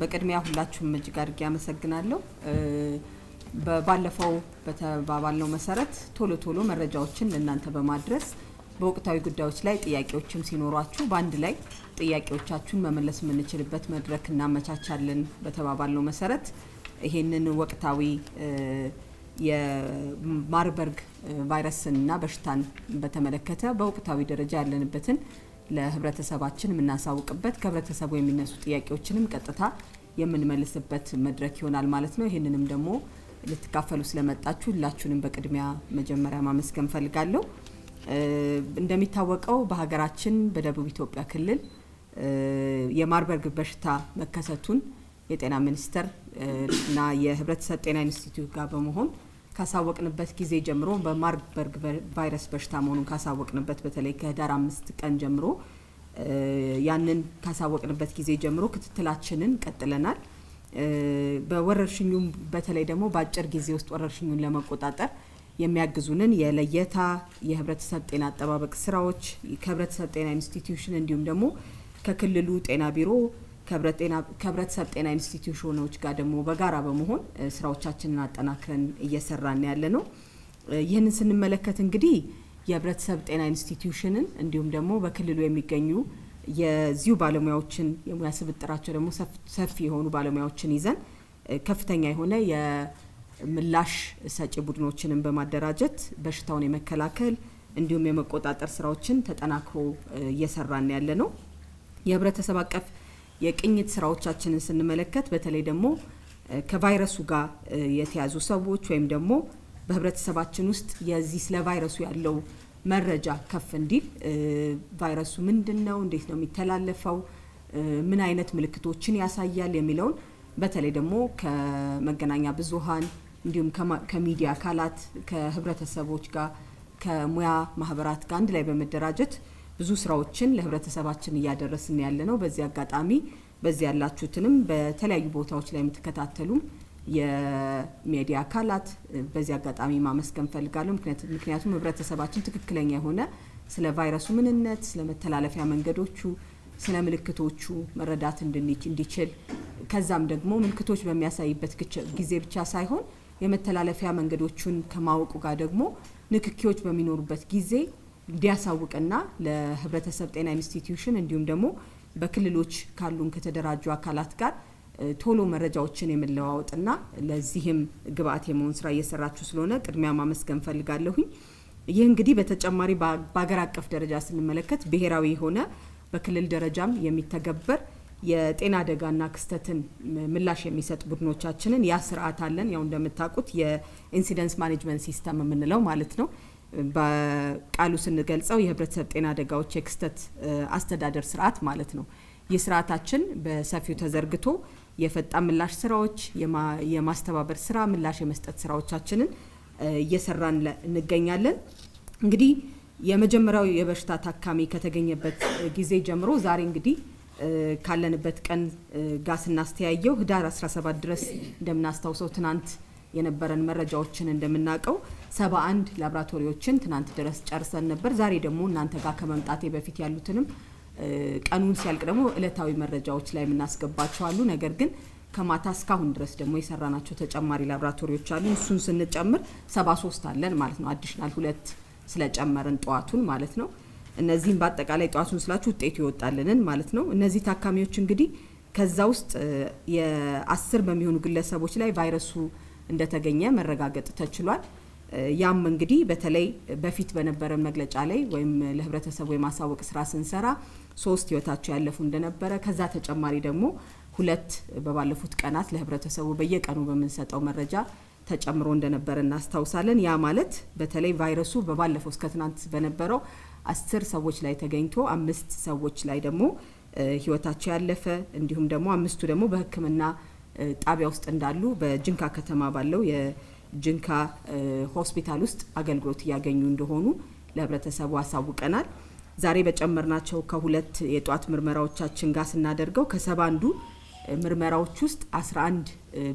በቅድሚያ ሁላችሁም እጅግ አድርጌ አመሰግናለሁ። ባለፈው በተባባልነው መሰረት ቶሎ ቶሎ መረጃዎችን ለእናንተ በማድረስ በወቅታዊ ጉዳዮች ላይ ጥያቄዎችም ሲኖሯችሁ በአንድ ላይ ጥያቄዎቻችሁን መመለስ የምንችልበት መድረክ እናመቻቻለን በተባባልነው መሰረት ይሄንን ወቅታዊ የማርበርግ ቫይረስንና በሽታን በተመለከተ በወቅታዊ ደረጃ ያለንበትን ለህብረተሰባችን የምናሳውቅበት ከህብረተሰቡ የሚነሱ ጥያቄዎችንም ቀጥታ የምንመልስበት መድረክ ይሆናል ማለት ነው። ይህንንም ደግሞ ልትካፈሉ ስለመጣችሁ ሁላችሁንም በቅድሚያ መጀመሪያ ማመስገን ፈልጋለሁ። እንደሚታወቀው በሀገራችን በደቡብ ኢትዮጵያ ክልል የማርበርግ በሽታ መከሰቱን የጤና ሚኒስቴር እና የህብረተሰብ ጤና ኢንስቲትዩት ጋር በመሆን ካሳወቅንበት ጊዜ ጀምሮ በማርበርግ ቫይረስ በሽታ መሆኑን ካሳወቅንበት በተለይ ከህዳር አምስት ቀን ጀምሮ ያንን ካሳወቅንበት ጊዜ ጀምሮ ክትትላችንን ቀጥለናል። በወረርሽኙም በተለይ ደግሞ በአጭር ጊዜ ውስጥ ወረርሽኙን ለመቆጣጠር የሚያግዙንን የለየታ የህብረተሰብ ጤና አጠባበቅ ስራዎች ከህብረተሰብ ጤና ኢንስቲትዩሽን እንዲሁም ደግሞ ከክልሉ ጤና ቢሮ ከህብረተሰብ ጤና ኢንስቲትዩሽኖች ጋር ደግሞ በጋራ በመሆን ስራዎቻችንን አጠናክረን እየሰራን ያለ ነው። ይህንን ስንመለከት እንግዲህ የህብረተሰብ ጤና ኢንስቲትዩሽንን እንዲሁም ደግሞ በክልሉ የሚገኙ የዚሁ ባለሙያዎችን የሙያ ስብጥራቸው ደግሞ ሰፊ የሆኑ ባለሙያዎችን ይዘን ከፍተኛ የሆነ የምላሽ ሰጪ ቡድኖችንን በማደራጀት በሽታውን የመከላከል እንዲሁም የመቆጣጠር ስራዎችን ተጠናክሮ እየሰራን ያለ ነው። የህብረተሰብ አቀፍ የቅኝት ስራዎቻችንን ስንመለከት በተለይ ደግሞ ከቫይረሱ ጋር የተያዙ ሰዎች ወይም ደግሞ በህብረተሰባችን ውስጥ የዚህ ስለ ቫይረሱ ያለው መረጃ ከፍ እንዲል ቫይረሱ ምንድን ነው፣ እንዴት ነው የሚተላለፈው፣ ምን አይነት ምልክቶችን ያሳያል የሚለውን በተለይ ደግሞ ከመገናኛ ብዙሃን እንዲሁም ከሚዲያ አካላት ከህብረተሰቦች ጋር ከሙያ ማህበራት ጋር አንድ ላይ በመደራጀት ብዙ ስራዎችን ለህብረተሰባችን እያደረስን ያለ ነው። በዚህ አጋጣሚ በዚህ ያላችሁትንም በተለያዩ ቦታዎች ላይ የምትከታተሉም የሚዲያ አካላት በዚህ አጋጣሚ ማመስገን ፈልጋለሁ። ምክንያቱም ህብረተሰባችን ትክክለኛ የሆነ ስለ ቫይረሱ ምንነት፣ ስለ መተላለፊያ መንገዶቹ፣ ስለ ምልክቶቹ መረዳት እንዲችል ከዛም ደግሞ ምልክቶች በሚያሳይበት ጊዜ ብቻ ሳይሆን የመተላለፊያ መንገዶቹን ከማወቁ ጋር ደግሞ ንክኪዎች በሚኖሩበት ጊዜ እንዲያሳውቅና ለህብረተሰብ ጤና ኢንስቲትዩሽን እንዲሁም ደግሞ በክልሎች ካሉን ከተደራጁ አካላት ጋር ቶሎ መረጃዎችን የመለዋወጥና ለዚህም ግብአት የመሆን ስራ እየሰራችሁ ስለሆነ ቅድሚያ ማመስገን ፈልጋለሁኝ። ይህ እንግዲህ በተጨማሪ በሀገር አቀፍ ደረጃ ስንመለከት ብሔራዊ የሆነ በክልል ደረጃም የሚተገበር የጤና አደጋና ክስተትን ምላሽ የሚሰጥ ቡድኖቻችንን ያ ስርዓት አለን። ያው እንደምታውቁት የኢንሲደንስ ማኔጅመንት ሲስተም የምንለው ማለት ነው። በቃሉ ስንገልጸው የህብረተሰብ ጤና አደጋዎች የክስተት አስተዳደር ስርዓት ማለት ነው። ይህ ስርዓታችን በሰፊው ተዘርግቶ የፈጣን ምላሽ ስራዎች፣ የማስተባበር ስራ፣ ምላሽ የመስጠት ስራዎቻችንን እየሰራን እንገኛለን። እንግዲህ የመጀመሪያው የበሽታ ታካሚ ከተገኘበት ጊዜ ጀምሮ ዛሬ እንግዲህ ካለንበት ቀን ጋር ስናስተያየው ህዳር 17 ድረስ እንደምናስታውሰው ትናንት የነበረን መረጃዎችን እንደምናውቀው ሰባ አንድ ላብራቶሪዎችን ትናንት ድረስ ጨርሰን ነበር። ዛሬ ደግሞ እናንተ ጋር ከመምጣቴ በፊት ያሉትንም ቀኑን ሲያልቅ ደግሞ እለታዊ መረጃዎች ላይ የምናስገባቸዋሉ። ነገር ግን ከማታ እስካሁን ድረስ ደግሞ የሰራናቸው ተጨማሪ ላብራቶሪዎች አሉ። እሱን ስንጨምር ሶስት አለን ማለት ነው። አዲሽናል ሁለት ስለጨመርን ጠዋቱን ማለት ነው። እነዚህም በአጠቃላይ ጠዋቱን ስላችሁ ውጤቱ ይወጣልንን ማለት ነው። እነዚህ ታካሚዎች እንግዲህ ከዛ ውስጥ የአስር በሚሆኑ ግለሰቦች ላይ ቫይረሱ እንደተገኘ መረጋገጥ ተችሏል። ያም እንግዲህ በተለይ በፊት በነበረን መግለጫ ላይ ወይም ለህብረተሰቡ የማሳወቅ ስራ ስንሰራ ሶስት ህይወታቸው ያለፉ እንደነበረ ከዛ ተጨማሪ ደግሞ ሁለት በባለፉት ቀናት ለህብረተሰቡ በየቀኑ በምንሰጠው መረጃ ተጨምሮ እንደነበረ እናስታውሳለን። ያ ማለት በተለይ ቫይረሱ በባለፈው እስከ ትናንት በነበረው አስር ሰዎች ላይ ተገኝቶ አምስት ሰዎች ላይ ደግሞ ህይወታቸው ያለፈ እንዲሁም ደግሞ አምስቱ ደግሞ በህክምና ጣቢያ ውስጥ እንዳሉ በጅንካ ከተማ ባለው የጅንካ ሆስፒታል ውስጥ አገልግሎት እያገኙ እንደሆኑ ለህብረተሰቡ አሳውቀናል። ዛሬ በጨመርናቸው ከሁለት የጧት ምርመራዎቻችን ጋር ስናደርገው ከሰባ አንዱ ምርመራዎች ውስጥ 11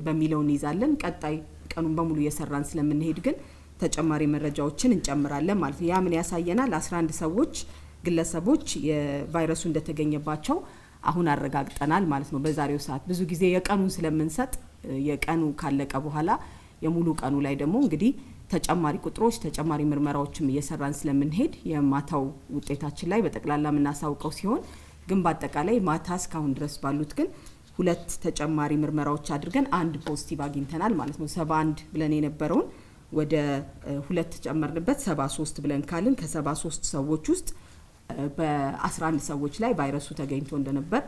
በሚለው እንይዛለን። ቀጣይ ቀኑን በሙሉ እየሰራን ስለምንሄድ ግን ተጨማሪ መረጃዎችን እንጨምራለን ማለት ነው። ያ ምን ያሳየናል? 11 ሰዎች ግለሰቦች የቫይረሱ እንደተገኘባቸው አሁን አረጋግጠናል ማለት ነው። በዛሬው ሰዓት ብዙ ጊዜ የቀኑን ስለምንሰጥ የቀኑ ካለቀ በኋላ የሙሉ ቀኑ ላይ ደግሞ እንግዲህ ተጨማሪ ቁጥሮች ተጨማሪ ምርመራዎችም እየሰራን ስለምንሄድ የማታው ውጤታችን ላይ በጠቅላላ የምናሳውቀው ሲሆን ግን በአጠቃላይ ማታ እስካሁን ድረስ ባሉት ግን ሁለት ተጨማሪ ምርመራዎች አድርገን አንድ ፖዚቲቭ አግኝተናል ማለት ነው። ሰባ አንድ ብለን የነበረውን ወደ ሁለት ጨመርንበት ሰባ ሶስት ብለን ካልን ከሰባ ሶስት ሰዎች ውስጥ በ11 ሰዎች ላይ ቫይረሱ ተገኝቶ እንደነበር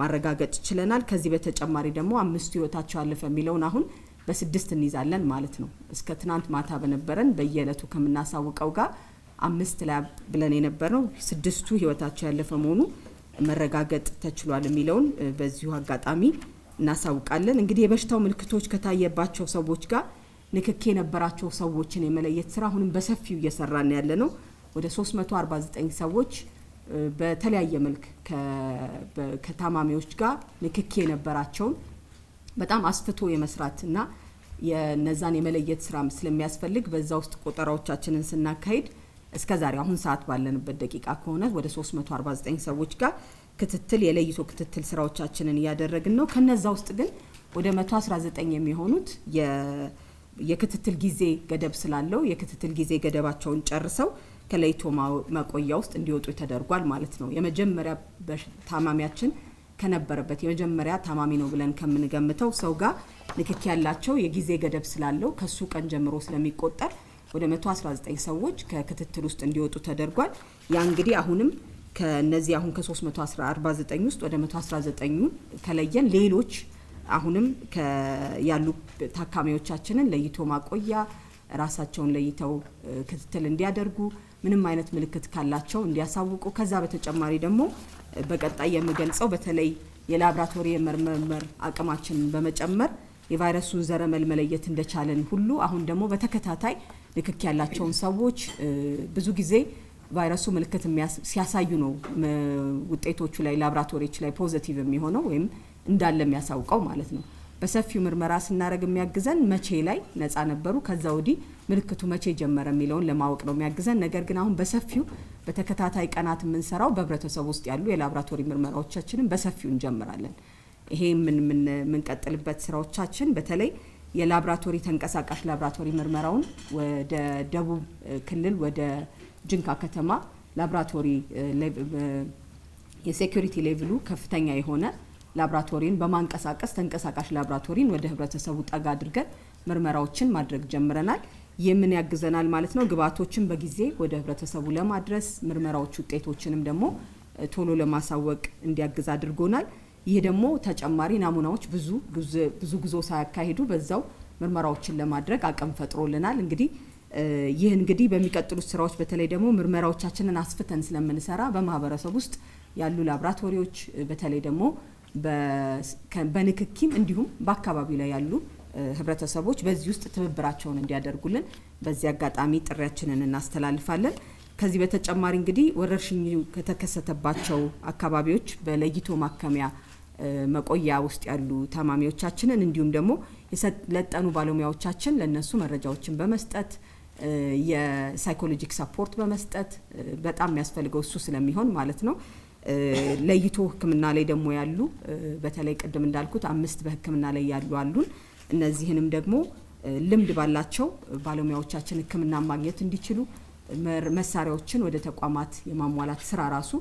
ማረጋገጥ ችለናል። ከዚህ በተጨማሪ ደግሞ አምስቱ ህይወታቸው አለፈ የሚለውን አሁን በስድስት እንይዛለን ማለት ነው። እስከ ትናንት ማታ በነበረን በየዕለቱ ከምናሳውቀው ጋር አምስት ላይ ብለን የነበረው ስድስቱ ህይወታቸው ያለፈ መሆኑ መረጋገጥ ተችሏል የሚለውን በዚሁ አጋጣሚ እናሳውቃለን። እንግዲህ የበሽታው ምልክቶች ከታየባቸው ሰዎች ጋር ንክኬ የነበራቸው ሰዎችን የመለየት ስራ አሁንም በሰፊው እየሰራን ያለ ነው። ወደ 349 ሰዎች በተለያየ መልክ ከታማሚዎች ጋር ንክኪ የነበራቸውን በጣም አስፍቶ እና የነዛን የመለየት ስራ ስለሚያስፈልግ በዛ ውስጥ ቆጠራዎቻችንን ስናካሄድ እስከ ዛሬ አሁን ሰዓት ባለንበት ደቂቃ ከሆነ ወደ 349 ሰዎች ጋር ክትትል የለይቶ ክትትል ስራዎቻችንን እያደረግን ነው። ከነዛ ውስጥ ግን ወደ 119 የሚሆኑት የክትትል ጊዜ ገደብ ስላለው የክትትል ጊዜ ገደባቸውን ጨርሰው ከለይቶ መቆያ ውስጥ እንዲወጡ ተደርጓል ማለት ነው። የመጀመሪያ ታማሚያችን ከነበረበት የመጀመሪያ ታማሚ ነው ብለን ከምንገምተው ሰው ጋር ንክኪ ያላቸው የጊዜ ገደብ ስላለው ከሱ ቀን ጀምሮ ስለሚቆጠር ወደ 119 ሰዎች ከክትትል ውስጥ እንዲወጡ ተደርጓል። ያ እንግዲህ አሁንም ከነዚህ አሁን ከ349 ውስጥ ወደ 119ኙ ከለየን ሌሎች አሁንም ያሉ ታካሚዎቻችንን ለይቶ ማቆያ ራሳቸውን ለይተው ክትትል እንዲያደርጉ ምንም አይነት ምልክት ካላቸው እንዲያሳውቁ። ከዛ በተጨማሪ ደግሞ በቀጣይ የምገልጸው በተለይ የላብራቶሪ የመመርመር አቅማችንን በመጨመር የቫይረሱን ዘረመል መለየት እንደቻለን ሁሉ አሁን ደግሞ በተከታታይ ንክክ ያላቸውን ሰዎች ብዙ ጊዜ ቫይረሱ ምልክት ሲያሳዩ ነው ውጤቶቹ ላይ ላብራቶሪዎች ላይ ፖዘቲቭ የሚሆነው ወይም እንዳለ የሚያሳውቀው ማለት ነው። በሰፊው ምርመራ ስናደረግ የሚያግዘን መቼ ላይ ነፃ ነበሩ፣ ከዛ ወዲህ ምልክቱ መቼ ጀመረ የሚለውን ለማወቅ ነው የሚያግዘን። ነገር ግን አሁን በሰፊው በተከታታይ ቀናት የምንሰራው በህብረተሰብ ውስጥ ያሉ የላብራቶሪ ምርመራዎቻችንን በሰፊው እንጀምራለን። ይሄ የምንቀጥልበት ስራዎቻችን በተለይ የላብራቶሪ ተንቀሳቃሽ ላብራቶሪ ምርመራውን ወደ ደቡብ ክልል ወደ ጅንካ ከተማ ላብራቶሪ የሴኩሪቲ ሌቭሉ ከፍተኛ የሆነ ላብራቶሪን በማንቀሳቀስ ተንቀሳቃሽ ላብራቶሪን ወደ ህብረተሰቡ ጠጋ አድርገን ምርመራዎችን ማድረግ ጀምረናል። ይህ ምን ያግዘናል ማለት ነው? ግብአቶችን በጊዜ ወደ ህብረተሰቡ ለማድረስ ምርመራዎች ውጤቶችንም ደግሞ ቶሎ ለማሳወቅ እንዲያግዝ አድርጎናል። ይህ ደግሞ ተጨማሪ ናሙናዎች ብዙ ብዙ ጉዞ ሳያካሂዱ በዛው ምርመራዎችን ለማድረግ አቅም ፈጥሮልናል። እንግዲህ ይህ እንግዲህ በሚቀጥሉት ስራዎች በተለይ ደግሞ ምርመራዎቻችንን አስፍተን ስለምንሰራ በማህበረሰብ ውስጥ ያሉ ላብራቶሪዎች በተለይ ደግሞ በንክኪም እንዲሁም በአካባቢው ላይ ያሉ ህብረተሰቦች በዚህ ውስጥ ትብብራቸውን እንዲያደርጉልን በዚህ አጋጣሚ ጥሪያችንን እናስተላልፋለን። ከዚህ በተጨማሪ እንግዲህ ወረርሽኙ ከተከሰተባቸው አካባቢዎች በለይቶ ማከሚያ መቆያ ውስጥ ያሉ ታማሚዎቻችንን እንዲሁም ደግሞ የሰለጠኑ ባለሙያዎቻችን ለእነሱ መረጃዎችን በመስጠት የሳይኮሎጂክ ሰፖርት በመስጠት በጣም የሚያስፈልገው እሱ ስለሚሆን ማለት ነው ለይቶ ህክምና ላይ ደግሞ ያሉ በተለይ ቅድም እንዳልኩት አምስት በህክምና ላይ ያሉ አሉን። እነዚህንም ደግሞ ልምድ ባላቸው ባለሙያዎቻችን ህክምና ማግኘት እንዲችሉ መሳሪያዎችን ወደ ተቋማት የማሟላት ስራ ራሱ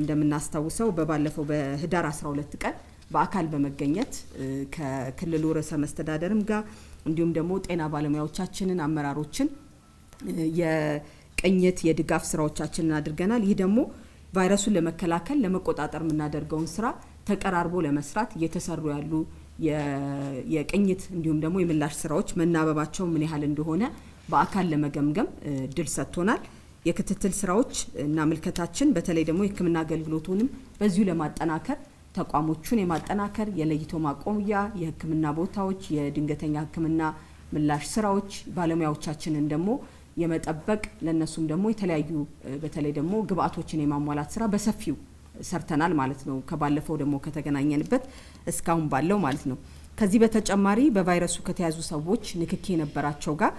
እንደምናስታውሰው በባለፈው በህዳር 12 ቀን በአካል በመገኘት ከክልሉ ርዕሰ መስተዳደርም ጋር እንዲሁም ደግሞ ጤና ባለሙያዎቻችንን አመራሮችን የቅኝት የድጋፍ ስራዎቻችንን አድርገናል። ይህ ደግሞ ቫይረሱን ለመከላከል ለመቆጣጠር የምናደርገውን ስራ ተቀራርቦ ለመስራት እየተሰሩ ያሉ የቅኝት እንዲሁም ደግሞ የምላሽ ስራዎች መናበባቸው ምን ያህል እንደሆነ በአካል ለመገምገም እድል ሰጥቶናል። የክትትል ስራዎች እና ምልከታችን በተለይ ደግሞ የሕክምና አገልግሎቱንም በዚሁ ለማጠናከር ተቋሞቹን የማጠናከር የለይቶ ማቆያ የሕክምና ቦታዎች፣ የድንገተኛ ሕክምና ምላሽ ስራዎች ባለሙያዎቻችንን ደግሞ የመጠበቅ ለእነሱም ደግሞ የተለያዩ በተለይ ደግሞ ግብአቶችን የማሟላት ስራ በሰፊው ሰርተናል ማለት ነው። ከባለፈው ደግሞ ከተገናኘንበት እስካሁን ባለው ማለት ነው። ከዚህ በተጨማሪ በቫይረሱ ከተያዙ ሰዎች ንክኪ የነበራቸው ጋር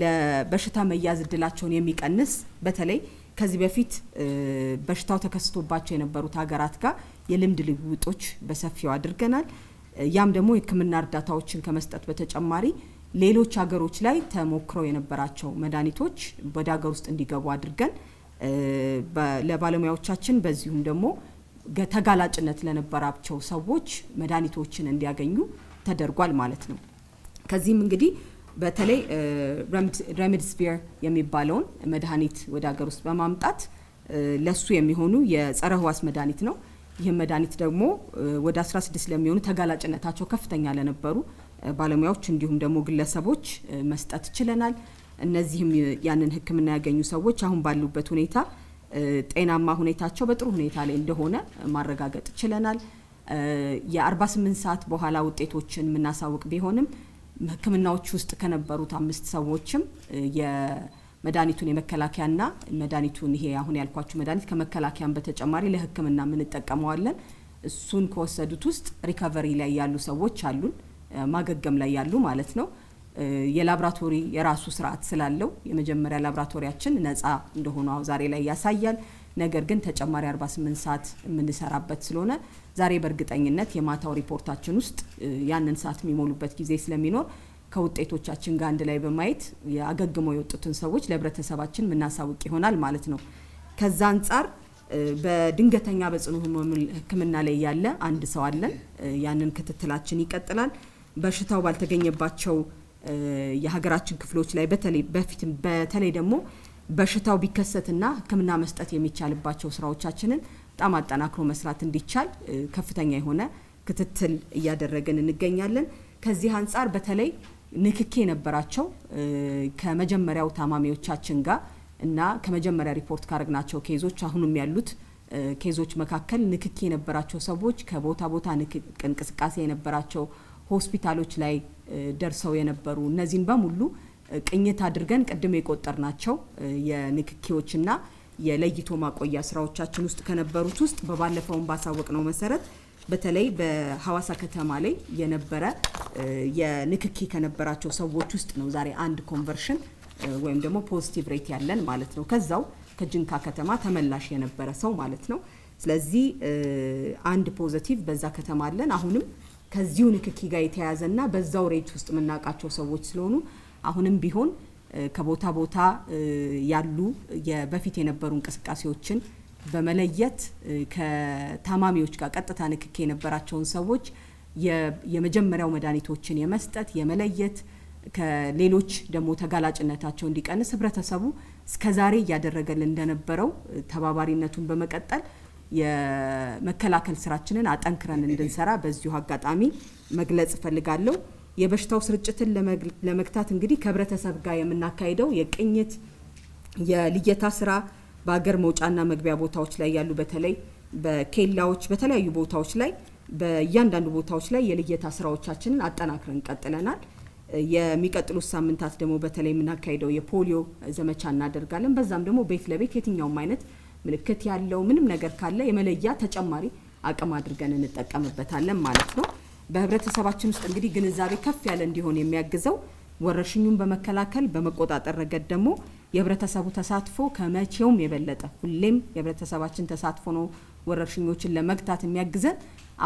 ለበሽታ መያዝ እድላቸውን የሚቀንስ በተለይ ከዚህ በፊት በሽታው ተከስቶባቸው የነበሩት ሀገራት ጋር የልምድ ልውውጦች በሰፊው አድርገናል። ያም ደግሞ የሕክምና እርዳታዎችን ከመስጠት በተጨማሪ ሌሎች ሀገሮች ላይ ተሞክረው የነበራቸው መድኃኒቶች ወደ ሀገር ውስጥ እንዲገቡ አድርገን ለባለሙያዎቻችን በዚሁም ደግሞ ተጋላጭነት ለነበራቸው ሰዎች መድኃኒቶችን እንዲያገኙ ተደርጓል ማለት ነው። ከዚህም እንግዲህ በተለይ ሬምዲሲቪር የሚባለውን መድኃኒት ወደ ሀገር ውስጥ በማምጣት ለሱ የሚሆኑ የጸረ ህዋስ መድኃኒት ነው። ይህም መድኃኒት ደግሞ ወደ 16 ለሚሆኑ ተጋላጭነታቸው ከፍተኛ ለነበሩ ባለሙያዎች እንዲሁም ደግሞ ግለሰቦች መስጠት ችለናል። እነዚህም ያንን ሕክምና ያገኙ ሰዎች አሁን ባሉበት ሁኔታ ጤናማ ሁኔታቸው በጥሩ ሁኔታ ላይ እንደሆነ ማረጋገጥ ችለናል። የ48 ሰዓት በኋላ ውጤቶችን የምናሳውቅ ቢሆንም ሕክምናዎች ውስጥ ከነበሩት አምስት ሰዎችም የመድኃኒቱን የመከላከያና መድኃኒቱን ይሄ አሁን ያልኳችሁ መድኃኒት ከመከላከያን በተጨማሪ ለሕክምና የምንጠቀመዋለን እሱን ከወሰዱት ውስጥ ሪከቨሪ ላይ ያሉ ሰዎች አሉን። ማገገም ላይ ያሉ ማለት ነው። የላብራቶሪ የራሱ ስርዓት ስላለው የመጀመሪያ ላብራቶሪያችን ነፃ እንደሆነ ዛሬ ላይ ያሳያል። ነገር ግን ተጨማሪ 48 ሰዓት የምንሰራበት ስለሆነ ዛሬ በእርግጠኝነት የማታው ሪፖርታችን ውስጥ ያንን ሰዓት የሚሞሉበት ጊዜ ስለሚኖር ከውጤቶቻችን ጋር አንድ ላይ በማየት አገግመው የወጡትን ሰዎች ለህብረተሰባችን የምናሳውቅ ይሆናል ማለት ነው። ከዛ አንጻር በድንገተኛ በጽኑ ህክምና ሕክምና ላይ ያለ አንድ ሰው አለን። ያንን ክትትላችን ይቀጥላል። በሽታው ባልተገኘባቸው የሀገራችን ክፍሎች ላይ በተለይ በፊትም በተለይ ደግሞ በሽታው ቢከሰትና ሕክምና መስጠት የሚቻልባቸው ስራዎቻችንን በጣም አጠናክሮ መስራት እንዲቻል ከፍተኛ የሆነ ክትትል እያደረግን እንገኛለን። ከዚህ አንጻር በተለይ ንክኪ የነበራቸው ከመጀመሪያው ታማሚዎቻችን ጋር እና ከመጀመሪያ ሪፖርት ካረግናቸው ኬዞች አሁንም ያሉት ኬዞች መካከል ንክኪ የነበራቸው ሰዎች ከቦታ ቦታ እንቅስቃሴ የነበራቸው ሆስፒታሎች ላይ ደርሰው የነበሩ እነዚህን በሙሉ ቅኝት አድርገን ቅድም የቆጠርናቸው የንክኪዎችና የለይቶ ማቆያ ስራዎቻችን ውስጥ ከነበሩት ውስጥ በባለፈውን ባሳወቅ ነው መሰረት በተለይ በሐዋሳ ከተማ ላይ የነበረ የንክኪ ከነበራቸው ሰዎች ውስጥ ነው ዛሬ አንድ ኮንቨርሽን ወይም ደግሞ ፖዚቲቭ ሬት ያለን ማለት ነው። ከዛው ከጅንካ ከተማ ተመላሽ የነበረ ሰው ማለት ነው። ስለዚህ አንድ ፖዘቲቭ በዛ ከተማ አለን። አሁንም ከዚሁ ንክኪ ጋር የተያያዘ እና በዛው ሬጅ ውስጥ የምናውቃቸው ሰዎች ስለሆኑ አሁንም ቢሆን ከቦታ ቦታ ያሉ በፊት የነበሩ እንቅስቃሴዎችን በመለየት ከታማሚዎች ጋር ቀጥታ ንክኪ የነበራቸውን ሰዎች የመጀመሪያው መድኃኒቶችን የመስጠት የመለየት ከሌሎች ደግሞ ተጋላጭነታቸው እንዲቀንስ ህብረተሰቡ እስከዛሬ እያደረገልን እንደነበረው ተባባሪነቱን በመቀጠል የመከላከል ስራችንን አጠንክረን እንድንሰራ በዚሁ አጋጣሚ መግለጽ እፈልጋለሁ። የበሽታው ስርጭትን ለመግታት እንግዲህ ከህብረተሰብ ጋር የምናካሄደው የቅኝት የልየታ ስራ በሀገር መውጫና መግቢያ ቦታዎች ላይ ያሉ በተለይ በኬላዎች በተለያዩ ቦታዎች ላይ በእያንዳንዱ ቦታዎች ላይ የልየታ ስራዎቻችንን አጠናክረን ቀጥለናል። የሚቀጥሉት ሳምንታት ደግሞ በተለይ የምናካሄደው የፖሊዮ ዘመቻ እናደርጋለን። በዛም ደግሞ ቤት ለቤት የትኛውም አይነት ምልክት ያለው ምንም ነገር ካለ የመለያ ተጨማሪ አቅም አድርገን እንጠቀምበታለን ማለት ነው። በህብረተሰባችን ውስጥ እንግዲህ ግንዛቤ ከፍ ያለ እንዲሆን የሚያግዘው ወረርሽኙን በመከላከል በመቆጣጠር ረገድ ደግሞ የህብረተሰቡ ተሳትፎ ከመቼውም የበለጠ ሁሌም የህብረተሰባችን ተሳትፎ ነው ወረርሽኞችን ለመግታት የሚያግዘን።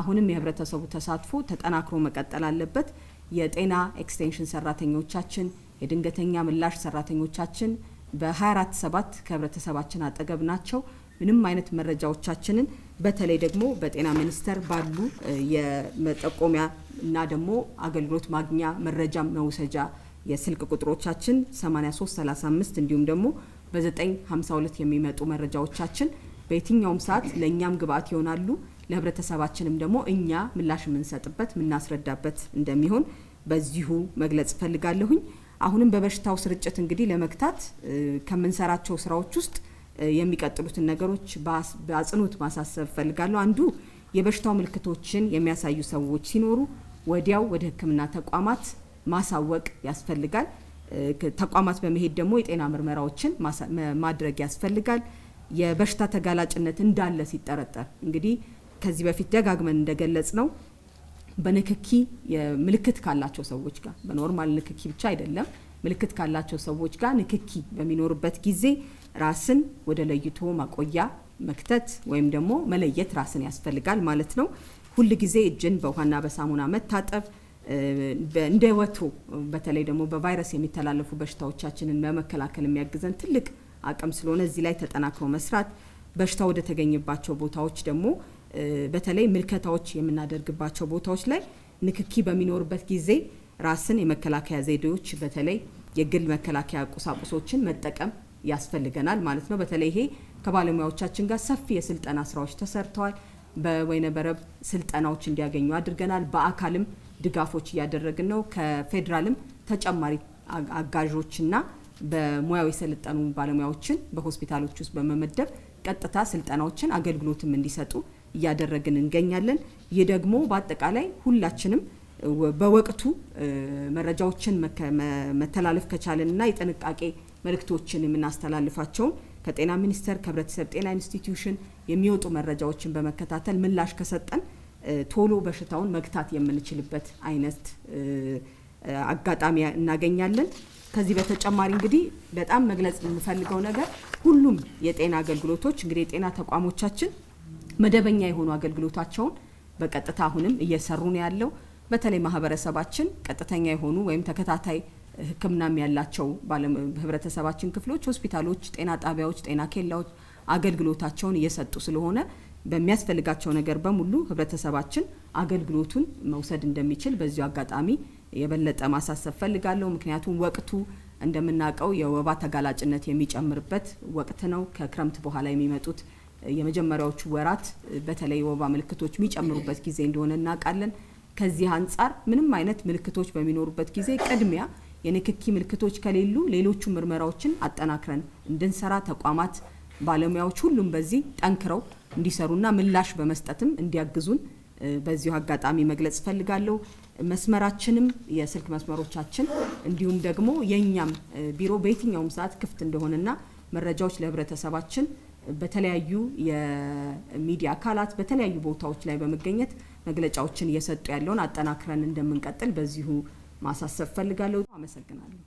አሁንም የህብረተሰቡ ተሳትፎ ተጠናክሮ መቀጠል አለበት። የጤና ኤክስቴንሽን ሰራተኞቻችን፣ የድንገተኛ ምላሽ ሰራተኞቻችን በ 24 ሰባት ከህብረተሰባችን አጠገብ ናቸው። ምንም አይነት መረጃዎቻችንን በተለይ ደግሞ በጤና ሚኒስቴር ባሉ የመጠቆሚያ እና ደግሞ አገልግሎት ማግኛ መረጃ መውሰጃ የስልክ ቁጥሮቻችን 8335 እንዲሁም ደግሞ በ952 የሚመጡ መረጃዎቻችን በየትኛውም ሰዓት ለእኛም ግብአት ይሆናሉ። ለህብረተሰባችንም ደግሞ እኛ ምላሽ የምንሰጥበት የምናስረዳበት እንደሚሆን በዚሁ መግለጽ እፈልጋለሁኝ። አሁንም በበሽታው ስርጭት እንግዲህ ለመግታት ከምንሰራቸው ስራዎች ውስጥ የሚቀጥሉትን ነገሮች በአጽንኦት ማሳሰብ ፈልጋለሁ። አንዱ የበሽታው ምልክቶችን የሚያሳዩ ሰዎች ሲኖሩ ወዲያው ወደ ሕክምና ተቋማት ማሳወቅ ያስፈልጋል። ተቋማት በመሄድ ደግሞ የጤና ምርመራዎችን ማድረግ ያስፈልጋል። የበሽታ ተጋላጭነት እንዳለ ሲጠረጠር እንግዲህ ከዚህ በፊት ደጋግመን እንደገለጽ ነው በንክኪ ምልክት ካላቸው ሰዎች ጋር በኖርማል ንክኪ ብቻ አይደለም፣ ምልክት ካላቸው ሰዎች ጋር ንክኪ በሚኖርበት ጊዜ ራስን ወደ ለይቶ ማቆያ መክተት ወይም ደግሞ መለየት ራስን ያስፈልጋል ማለት ነው። ሁል ጊዜ እጅን በውሃና በሳሙና መታጠብ እንደ ወቶ በተለይ ደግሞ በቫይረስ የሚተላለፉ በሽታዎቻችንን በመከላከል የሚያግዘን ትልቅ አቅም ስለሆነ እዚህ ላይ ተጠናክሮ መስራት በሽታው ወደ ተገኘባቸው ቦታዎች ደግሞ በተለይ ምልከታዎች የምናደርግባቸው ቦታዎች ላይ ንክኪ በሚኖርበት ጊዜ ራስን የመከላከያ ዘዴዎች በተለይ የግል መከላከያ ቁሳቁሶችን መጠቀም ያስፈልገናል ማለት ነው። በተለይ ይሄ ከባለሙያዎቻችን ጋር ሰፊ የስልጠና ስራዎች ተሰርተዋል። በወይነበረብ ስልጠናዎች እንዲያገኙ አድርገናል። በአካልም ድጋፎች እያደረግን ነው። ከፌዴራልም ተጨማሪ አጋዦችና በሙያው የሰለጠኑ ባለሙያዎችን በሆስፒታሎች ውስጥ በመመደብ ቀጥታ ስልጠናዎችን አገልግሎትም እንዲሰጡ እያደረግን እንገኛለን። ይህ ደግሞ በአጠቃላይ ሁላችንም በወቅቱ መረጃዎችን መተላለፍ እና የጥንቃቄ መልእክቶችን የምናስተላልፋቸውን ከጤና ሚኒስቴር ከህብረተሰብ ጤና ኢንስቲትዩሽን የሚወጡ መረጃዎችን በመከታተል ምላሽ ከሰጠን ቶሎ በሽታውን መግታት የምንችልበት አይነት አጋጣሚ እናገኛለን። ከዚህ በተጨማሪ እንግዲህ በጣም መግለጽ የምፈልገው ነገር ሁሉም የጤና አገልግሎቶች እንግዲህ የጤና ተቋሞቻችን መደበኛ የሆኑ አገልግሎታቸውን በቀጥታ አሁንም እየሰሩ ነው ያለው። በተለይ ማህበረሰባችን ቀጥተኛ የሆኑ ወይም ተከታታይ ሕክምናም ያላቸው ህብረተሰባችን ክፍሎች ሆስፒታሎች፣ ጤና ጣቢያዎች፣ ጤና ኬላዎች አገልግሎታቸውን እየሰጡ ስለሆነ በሚያስፈልጋቸው ነገር በሙሉ ህብረተሰባችን አገልግሎቱን መውሰድ እንደሚችል በዚሁ አጋጣሚ የበለጠ ማሳሰብ ፈልጋለሁ። ምክንያቱም ወቅቱ እንደምናውቀው የወባ ተጋላጭነት የሚጨምርበት ወቅት ነው። ከክረምት በኋላ የሚመጡት የመጀመሪያዎቹ ወራት በተለይ ወባ ምልክቶች የሚጨምሩበት ጊዜ እንደሆነ እናውቃለን። ከዚህ አንጻር ምንም አይነት ምልክቶች በሚኖሩበት ጊዜ ቅድሚያ የንክኪ ምልክቶች ከሌሉ ሌሎቹ ምርመራዎችን አጠናክረን እንድንሰራ ተቋማት፣ ባለሙያዎች ሁሉም በዚህ ጠንክረው እንዲሰሩና ምላሽ በመስጠትም እንዲያግዙን በዚሁ አጋጣሚ መግለጽ እፈልጋለሁ። መስመራችንም የስልክ መስመሮቻችን እንዲሁም ደግሞ የእኛም ቢሮ በየትኛውም ሰዓት ክፍት እንደሆነና መረጃዎች ለህብረተሰባችን በተለያዩ የሚዲያ አካላት በተለያዩ ቦታዎች ላይ በመገኘት መግለጫዎችን እየሰጡ ያለውን አጠናክረን እንደምንቀጥል በዚሁ ማሳሰብ ፈልጋለሁ። አመሰግናለሁ።